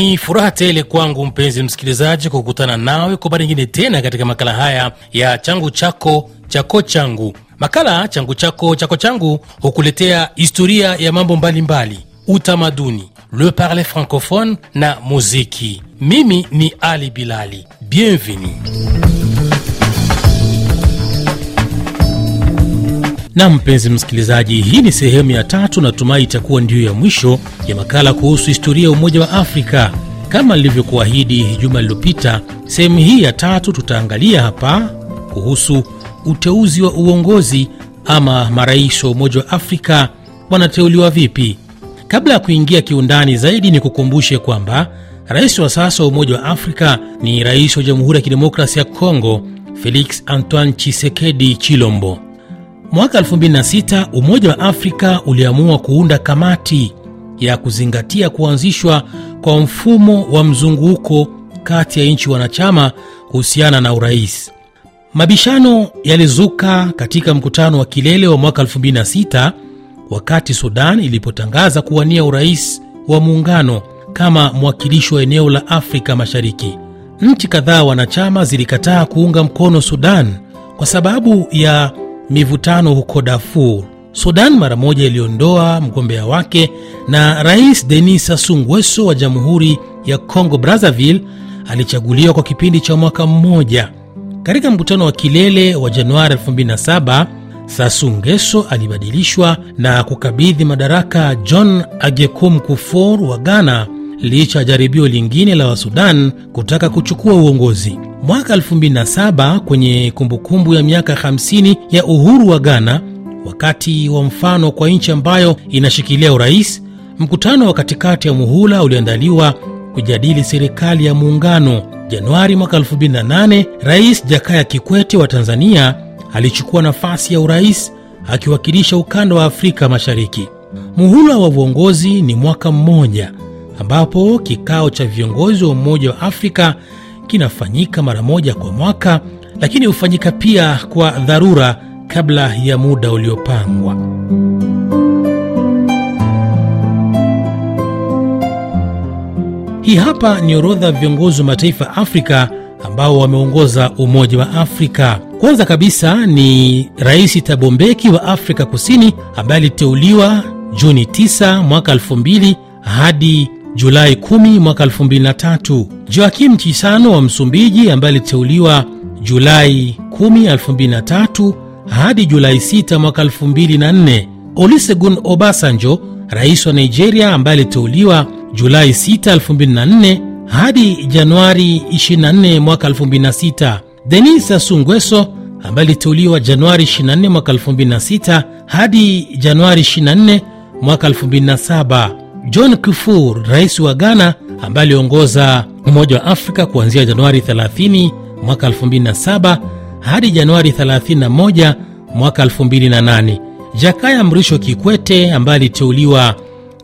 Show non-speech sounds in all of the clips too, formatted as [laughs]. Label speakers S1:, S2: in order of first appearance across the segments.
S1: Ni furaha tele kwangu mpenzi msikilizaji, kukutana nawe kwa mara nyingine tena katika makala haya ya changu chako chako changu. Makala changu chako chako changu hukuletea historia ya mambo mbalimbali mbali, utamaduni, le parle francophone na muziki. Mimi ni Ali Bilali, bienvenue na mpenzi msikilizaji, hii ni sehemu ya tatu, natumai itakuwa ndiyo ya mwisho ya makala kuhusu historia ya Umoja wa Afrika. Kama lilivyokuahidi juma lililopita, sehemu hii ya tatu tutaangalia hapa kuhusu uteuzi wa uongozi, ama marais wa Umoja wa Afrika wanateuliwa vipi. Kabla ya kuingia kiundani zaidi, ni kukumbushe kwamba rais wa sasa wa Umoja wa Afrika ni rais wa Jamhuri ya Kidemokrasi ya Kongo, Felix Antoine Chisekedi Chilombo. Mwaka 2006 Umoja wa Afrika uliamua kuunda kamati ya kuzingatia kuanzishwa kwa mfumo wa mzunguko kati ya nchi wanachama kuhusiana na urais. Mabishano yalizuka katika mkutano wa kilele wa mwaka 2006 wakati Sudan ilipotangaza kuwania urais wa muungano kama mwakilishi wa eneo la Afrika Mashariki. Nchi kadhaa wanachama zilikataa kuunga mkono Sudan kwa sababu ya mivutano huko Darfur. Sudan mara moja iliondoa mgombea wake na Rais Denis Sassou Nguesso wa Jamhuri ya Congo Brazzaville alichaguliwa kwa kipindi cha mwaka mmoja. Katika mkutano wa kilele wa Januari 2007 Sassou Nguesso alibadilishwa na kukabidhi madaraka John Agyekum Kufuor wa Ghana licha ya jaribio lingine la Wasudan kutaka kuchukua uongozi. Mwaka 27 kwenye kumbukumbu ya miaka 50 ya uhuru wa Ghana, wakati wa mfano kwa nchi ambayo inashikilia urais, mkutano wa katikati ya muhula uliandaliwa kujadili serikali ya muungano. Januari mwaka Rais Jakaya Kikwete wa Tanzania alichukua nafasi ya urais akiwakilisha ukanda wa Afrika Mashariki. Muhula wa uongozi ni mwaka mmoja ambapo kikao cha viongozi wa Umoja wa Afrika kinafanyika mara moja kwa mwaka, lakini hufanyika pia kwa dharura kabla ya muda uliopangwa. Hii hapa ni orodha ya viongozi wa mataifa ya Afrika ambao wameongoza Umoja wa Afrika. Kwanza kabisa ni Rais Thabo Mbeki wa Afrika Kusini ambaye aliteuliwa Juni 9 mwaka 2000 hadi Julai 10 mwaka 2003. Joaquim Chissano wa Msumbiji ambaye aliteuliwa Julai 10, 2003 hadi Julai 6 mwaka 2004. Olusegun Obasanjo, rais wa Nigeria ambaye aliteuliwa Julai 6, 2004 hadi Januari 24 mwaka 2006. Denis Sassou Nguesso ambaye aliteuliwa Januari 24 mwaka 2006 hadi Januari 24 mwaka 2007. John Kufur, rais wa Ghana ambaye aliongoza Umoja wa Afrika kuanzia Januari 30 mwaka 2007 hadi Januari 31 mwaka 2008. Jakaya Mrisho Kikwete ambaye aliteuliwa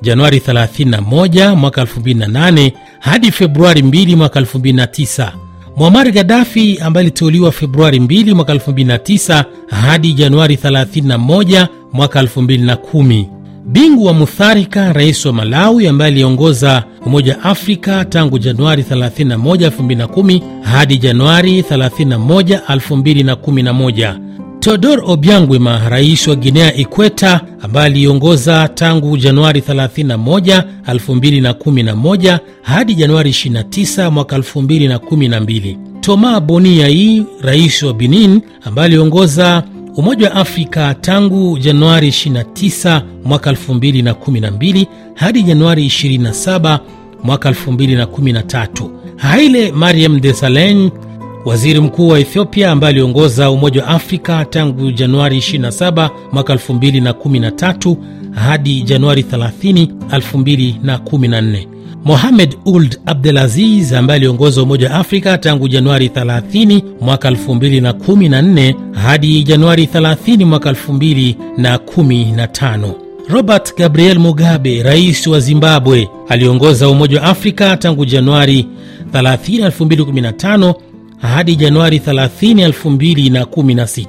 S1: Januari 31 mwaka 2008 hadi Februari 2 mwaka 2009. Muammar Gaddafi ambaye aliteuliwa Februari 2 mwaka 2009 hadi Januari 31 mwaka 2010. Bingu wa Mutharika, rais wa Malawi ambaye aliongoza Umoja Afrika tangu Januari 31, 2010 hadi Januari 31, 2011. obiangwima rais wa Guinea Ikweta ambaye aliongoza tangu Januari 31, 2011 hadi Januari 29 mwaka 2012. Thomas boniai rais wa Benin ambaye aliongoza Umoja wa Afrika tangu Januari 29 mwaka 2012 hadi Januari 27 mwaka 2013. Haile Mariam Desalegn, waziri mkuu wa Ethiopia ambaye aliongoza Umoja wa Afrika tangu Januari 27 mwaka 2013 hadi Januari 30, 2014 Mohamed Ould Abdelaziz ambaye aliongoza Umoja wa Afrika tangu Januari 30 mwaka 2014 hadi Januari 30 mwaka 2015. Robert Gabriel Mugabe, rais wa Zimbabwe, aliongoza Umoja wa Afrika tangu Januari 30, 2015 hadi Januari 30, 2016.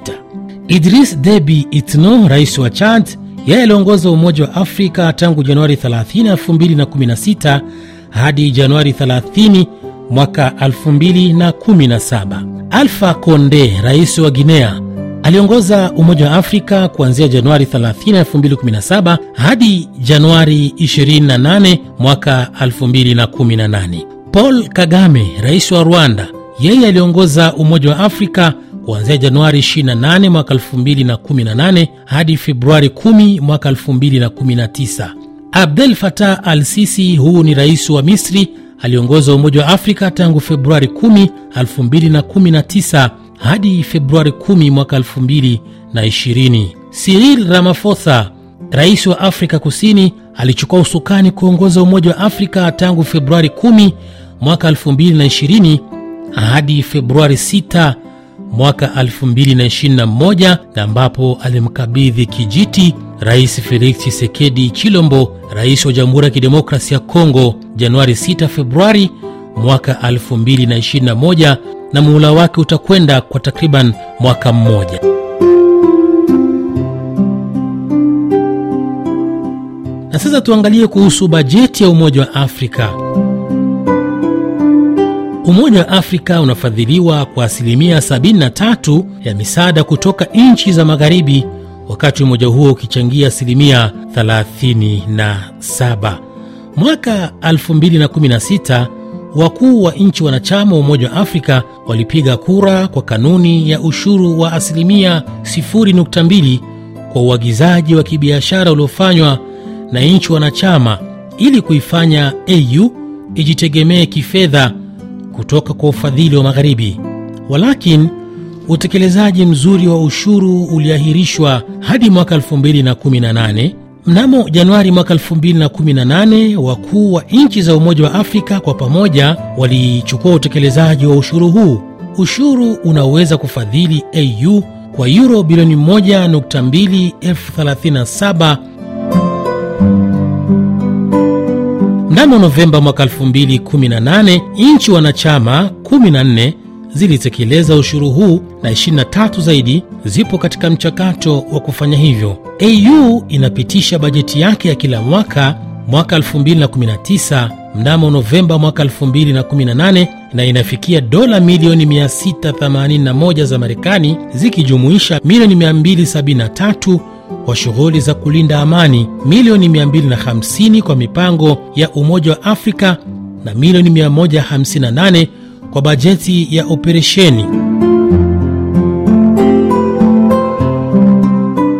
S1: Idris Deby Itno, rais wa Chad, yeye aliongoza Umoja wa Afrika tangu Januari 30, 2016 hadi Januari 30 mwaka 2017. Alfa conde rais wa Guinea, aliongoza Umoja wa Afrika kuanzia Januari 30, 2017 hadi Januari 28 mwaka 2018. Paul Kagame, rais wa Rwanda, yeye aliongoza Umoja wa Afrika kuanzia Januari 28 mwaka 2018 hadi Februari 10 mwaka 2019. Abdel Fattah al-Sisi, huu ni rais wa Misri, aliongoza Umoja wa Afrika tangu Februari 10, 2019 hadi Februari 10 mwaka 2020. Cyril Ramaphosa, rais wa Afrika Kusini, alichukua usukani kuongoza Umoja wa Afrika tangu Februari 10 mwaka 2020 hadi Februari 6 mwaka 2021 na ambapo alimkabidhi kijiti Rais Felix chisekedi Chilombo, rais wa Jamhuri ya Kidemokrasi ya Kongo, Januari 6 Februari mwaka 2021 na muhula wake utakwenda kwa takriban mwaka mmoja. Na sasa tuangalie kuhusu bajeti ya Umoja wa Afrika. Umoja wa Afrika unafadhiliwa kwa asilimia 73 ya misaada kutoka nchi za magharibi, wakati umoja huo ukichangia asilimia 37. Mwaka 2016 wakuu wa nchi wanachama wa Umoja wa Afrika walipiga kura kwa kanuni ya ushuru wa asilimia 0.2 kwa uagizaji wa kibiashara uliofanywa na nchi wanachama ili kuifanya AU ijitegemee kifedha kutoka kwa ufadhili wa Magharibi, walakin utekelezaji mzuri wa ushuru uliahirishwa hadi mwaka 2018. Mnamo Januari mwaka 2018, wakuu wa nchi za Umoja wa Afrika kwa pamoja walichukua utekelezaji wa ushuru huu. Ushuru unaweza kufadhili AU kwa euro bilioni 1.237 Mnamo Novemba mwaka 2018 nchi wanachama 14 zilitekeleza ushuru huu na 23 zaidi zipo katika mchakato wa kufanya hivyo. AU inapitisha bajeti yake ya kila mwaka mwaka 2019 mnamo Novemba mwaka 2018 na inafikia dola milioni 681 za Marekani zikijumuisha milioni 273 kwa shughuli za kulinda amani milioni 250 kwa mipango ya Umoja wa Afrika na milioni 158 kwa bajeti ya operesheni.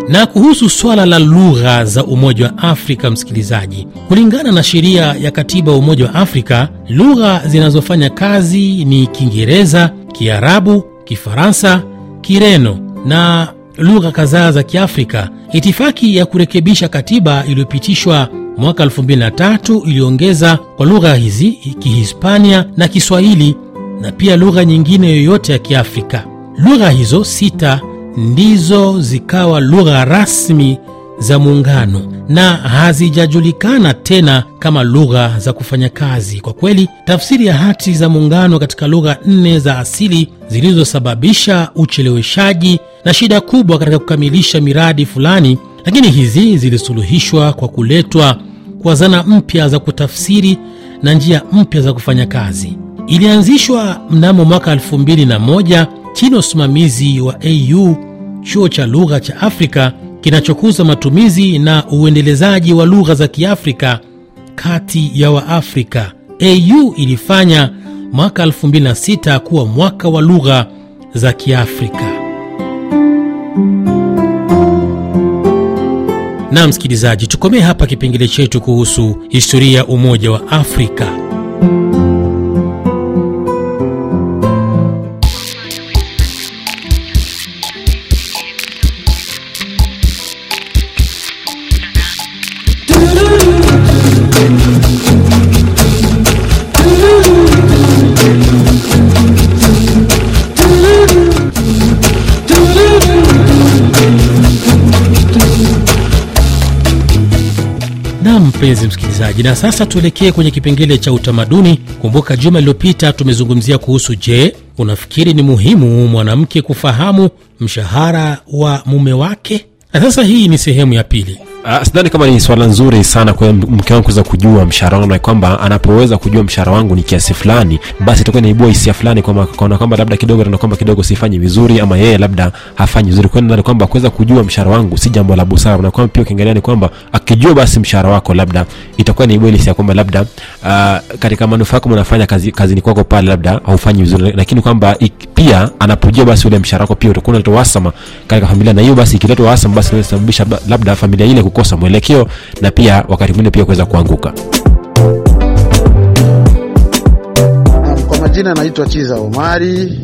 S1: Na kuhusu swala la lugha za Umoja wa Afrika, msikilizaji, kulingana na sheria ya katiba ya Umoja wa Afrika, lugha zinazofanya kazi ni Kiingereza, Kiarabu, Kifaransa, Kireno na lugha kadhaa za Kiafrika. Itifaki ya kurekebisha katiba iliyopitishwa mwaka 2003 iliongeza kwa lugha hizi Kihispania na Kiswahili na pia lugha nyingine yoyote ya Kiafrika. Lugha hizo sita ndizo zikawa lugha rasmi za Muungano na hazijajulikana tena kama lugha za kufanya kazi. Kwa kweli, tafsiri ya hati za Muungano katika lugha nne za asili zilizosababisha ucheleweshaji na shida kubwa katika kukamilisha miradi fulani, lakini hizi zilisuluhishwa kwa kuletwa kwa zana mpya za kutafsiri na njia mpya za kufanya kazi. Ilianzishwa mnamo mwaka 2001 chini ya usimamizi wa AU, chuo cha lugha cha Afrika kinachokuza matumizi na uendelezaji wa lugha za Kiafrika kati ya Waafrika. AU ilifanya mwaka 2006 kuwa mwaka wa lugha za Kiafrika. Na msikilizaji, tukomee hapa kipengele chetu kuhusu historia ya Umoja wa Afrika. mpenzi msikilizaji, na sasa tuelekee kwenye kipengele cha utamaduni. Kumbuka juma lililopita tumezungumzia kuhusu, je, unafikiri ni muhimu mwanamke kufahamu mshahara wa mume wake? Na sasa hii ni sehemu ya pili. Ah, sidhani kama ni swala nzuri sana kwa mke wangu kuweza kujua mshahara wangu, na kwamba anapoweza kujua mshahara wangu ni kiasi fulani, basi itakuwa inaibua hisia fulani kwamba kaona kwamba labda kidogo na kwamba kidogo sifanyi vizuri, ama yeye labda hafanyi vizuri. Kwa nini? Kwamba kuweza kujua mshahara wangu si jambo la busara, na kwamba pia ukiangalia ni kwamba akijua basi mshahara wako, labda itakuwa inaibua hisia kwamba labda uh, katika manufaa yako unafanya kazi kazini kwako pale, labda haufanyi vizuri, lakini kwamba pia anapojua basi ule mshahara wako pia utakuwa unaleta wasama katika familia, na hiyo basi ikileta wasama basi inasababisha labda familia ile kuku kukosa mwelekeo na pia wakati mwingine pia kuweza kuanguka.
S2: Kwa majina naitwa Chiza Omari,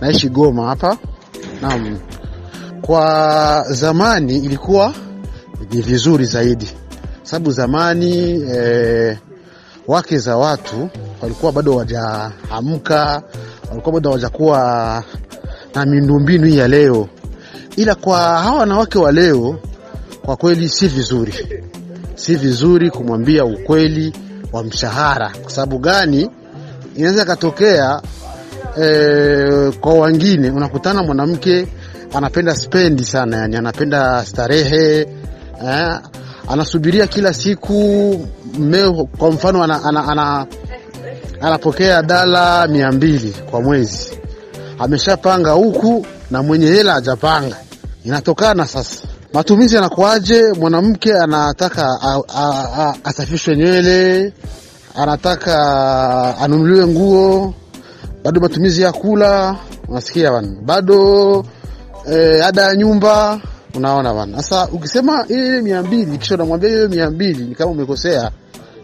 S2: naishi Goma hapa. Naam, kwa zamani ilikuwa ni vizuri zaidi, sababu zamani e, wake za watu walikuwa bado wajaamka, walikuwa bado hawajakuwa na miundombinu hii ya leo, ila kwa hawa wanawake wa leo kwa kweli si vizuri, si vizuri kumwambia ukweli wa mshahara. Kwa sababu gani? Inaweza ikatokea e, kwa wengine unakutana mwanamke anapenda spendi sana, yani anapenda starehe eh, anasubiria kila siku mmeo. Kwa mfano ana, ana, ana, anapokea dala mia mbili kwa mwezi, ameshapanga huku na mwenye hela hajapanga, inatokana sasa matumizi yanakuwaje? Mwanamke anataka asafishwe nywele, anataka anunuliwe nguo, bado matumizi ya kula, unasikia bana, bado e, ada ya nyumba Unaona bana, sasa ukisema ile eh, mia mbili kisha unamwambia hiyo eh, mia mbili ni kama umekosea,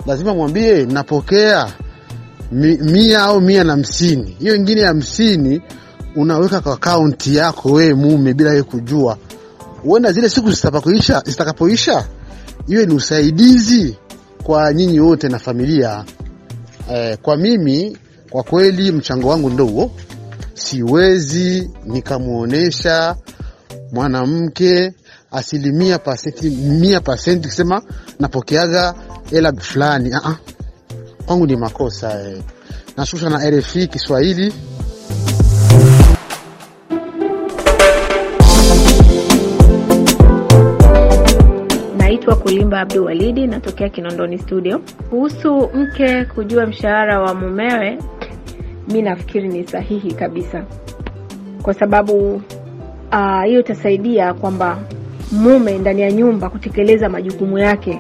S2: lazima mwambie napokea mia au mia na hamsini. Hiyo ingine ya hamsini unaweka kwa akaunti yako we mume, bila ye kujua huenda zile siku zitakapoisha zitakapoisha iwe ni usaidizi kwa nyinyi wote na familia. Eh, kwa mimi kwa kweli mchango wangu ndio huo. Siwezi nikamwonyesha mwanamke asilimia pasenti mia pasenti kusema napokeaga hela fulani. Ah, ah. kwangu ni makosa eh. nashusha na rf Kiswahili.
S3: Kulimba Abdu Walidi, natokea Kinondoni studio. Kuhusu mke kujua mshahara wa mumewe, mi nafikiri ni sahihi kabisa, kwa sababu ah, hiyo itasaidia kwamba mume ndani ya nyumba kutekeleza majukumu yake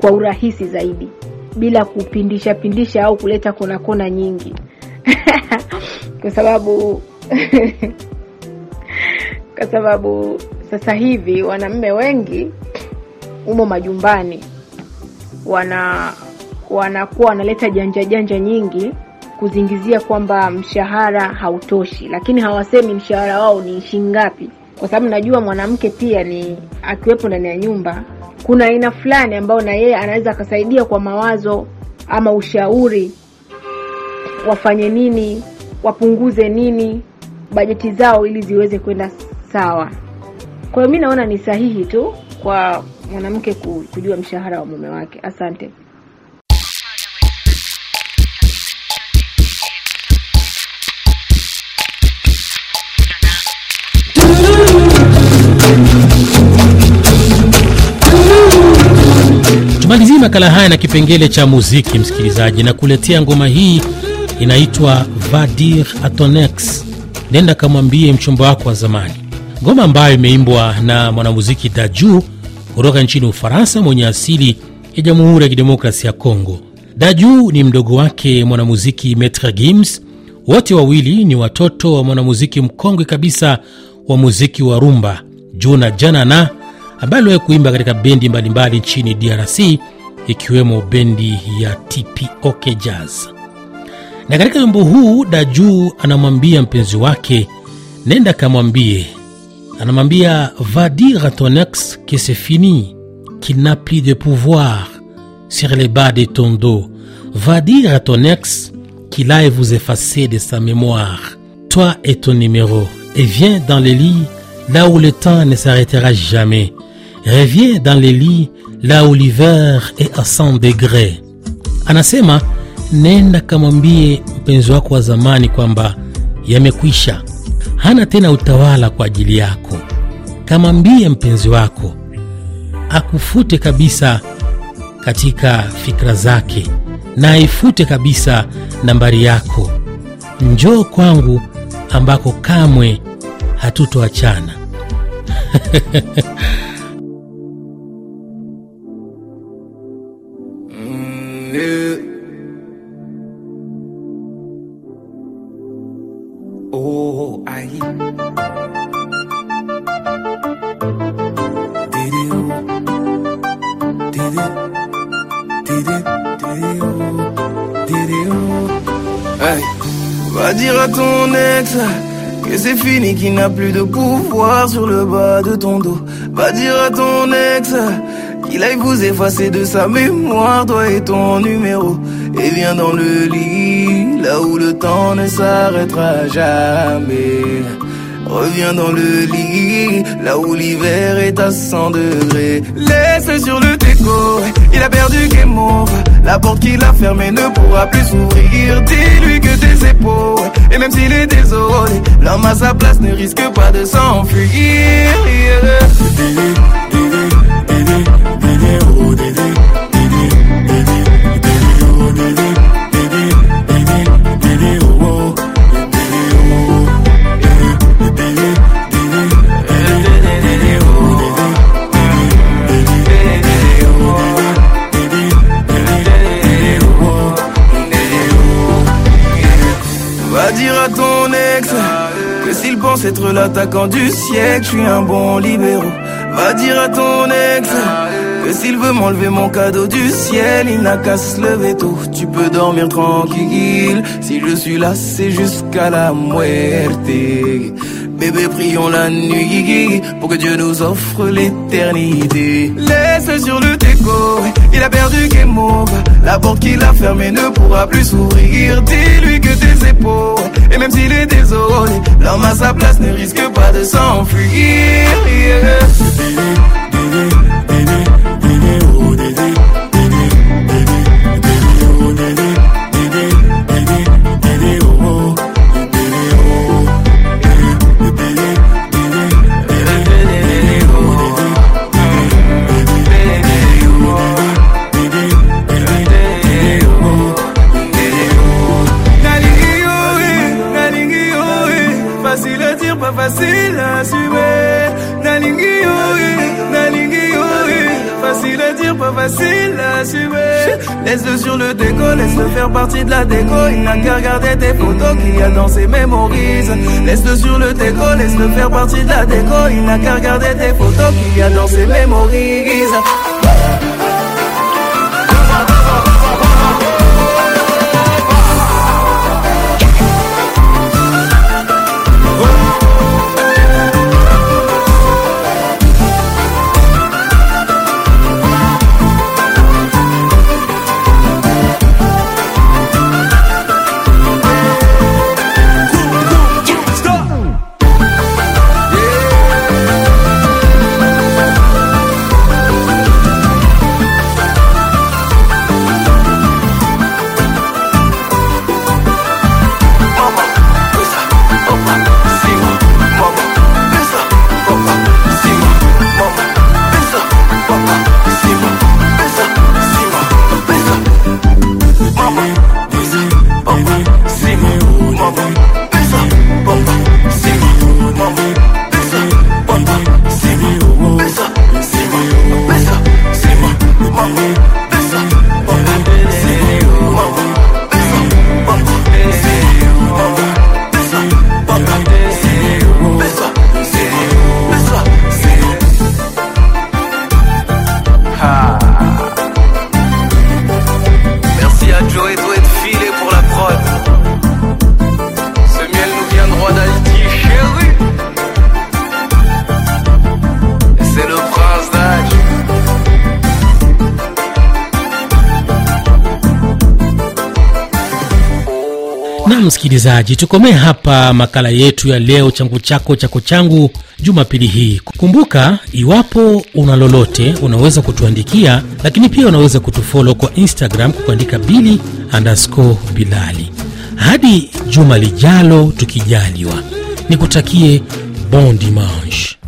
S3: kwa urahisi zaidi bila kupindisha pindisha au kuleta kona kona nyingi [laughs] kwa sababu [laughs] kwa sababu sasa hivi wanamme wengi umo majumbani wana wanakuwa wanaleta janja janja nyingi kuzingizia kwamba mshahara hautoshi, lakini hawasemi mshahara wao ni shilingi ngapi, kwa sababu najua mwanamke pia ni akiwepo ndani ya nyumba, kuna aina fulani ambayo na yeye anaweza akasaidia kwa mawazo ama ushauri, wafanye nini, wapunguze nini bajeti zao ili ziweze kwenda sawa. Kwa hiyo mi naona ni sahihi tu kwa mwanamke kujua mshahara wa mume wake. Asante.
S1: Tumalizie makala haya na kipengele cha muziki, msikilizaji, na kuletea ngoma hii inaitwa Vadir Atonex, nenda kamwambie mchumba wako wa zamani, ngoma ambayo imeimbwa na mwanamuziki Daju kutoka nchini Ufaransa mwenye asili ya Jamhuri ya Kidemokrasi ya Kongo. Daju ni mdogo wake mwanamuziki Metre Gims. Wote wawili ni watoto wa mwanamuziki mkongwe kabisa wa muziki wa rumba Juna Janana ambaye aliwahi kuimba katika bendi mbalimbali nchini DRC ikiwemo bendi ya TPOK Jazz. Na katika wimbo huu Daju anamwambia mpenzi wake, nenda kamwambie Anamambia va dire à ton ex que c'est fini, qu'il n'a plus de pouvoir sur les bas de ton dos. Va dire à ton ex qu'il aille vous effacer de sa mémoire, toi et ton numéro, et viens dans les lits là où le temps ne s'arrêtera jamais. Reviens dans les lits là où l'hiver est à 100 degrés. Anasema nenda kamwambie mpenzi wako wa zamani kwamba hana tena utawala kwa ajili yako. Kamwambie mpenzi wako akufute kabisa katika fikra zake na aifute kabisa nambari yako. Njoo kwangu ambako kamwe hatutoachana. [laughs]
S4: plus de pouvoir sur le bas de ton dos. Va dire à ton ex qu'il aille vous effacer de sa mémoire, toi et ton numéro. Et viens dans le lit, là où le temps ne s'arrêtera jamais. Reviens dans le lit, là où l'hiver est à 100 degrés. Laisse sur le déco, il a perdu game mort. La porte qu'il a fermée ne pourra plus s'ouvrir. Dis-lui que tes épaules, et même s'il est désolé, l'homme à sa place ne risque pas de s'enfuir. du siècle, je suis un bon libéraux. Va dire à ton ex que s'il veut m'enlever mon cadeau du ciel, il n'a qu'à se lever Tout, Tu peux dormir tranquille, si je suis là, c'est jusqu'à la muerte. Bébé, prions la nuit pour que Dieu nous offre l'éternité. Laisse sur le il a perdu Game Over. La porte qu'il a fermée ne pourra plus sourire. Dis-lui que tes épaules, et même s'il est désolé, l'homme à sa place ne risque pas de s'enfuir. facile à dire, pas facile à assumer. Nalingi Facile à dire, pas facile à assumer. Laisse-le sur le déco, laisse-le faire partie de la déco. Il n'a qu'à regarder tes photos qu'il a dans ses mémorises. Laisse-le sur le déco, laisse-le faire partie de la déco. Il n'a qu'à regarder tes photos qu'il a dans ses mémorises.
S1: na msikilizaji, tukomee hapa makala yetu ya leo, changu chako chako changu, jumapili hii. Kumbuka, iwapo una lolote unaweza kutuandikia, lakini pia unaweza kutufolo kwa Instagram kwa kuandika bili underscore bilali. Hadi juma lijalo, tukijaliwa, nikutakie bon dimanche.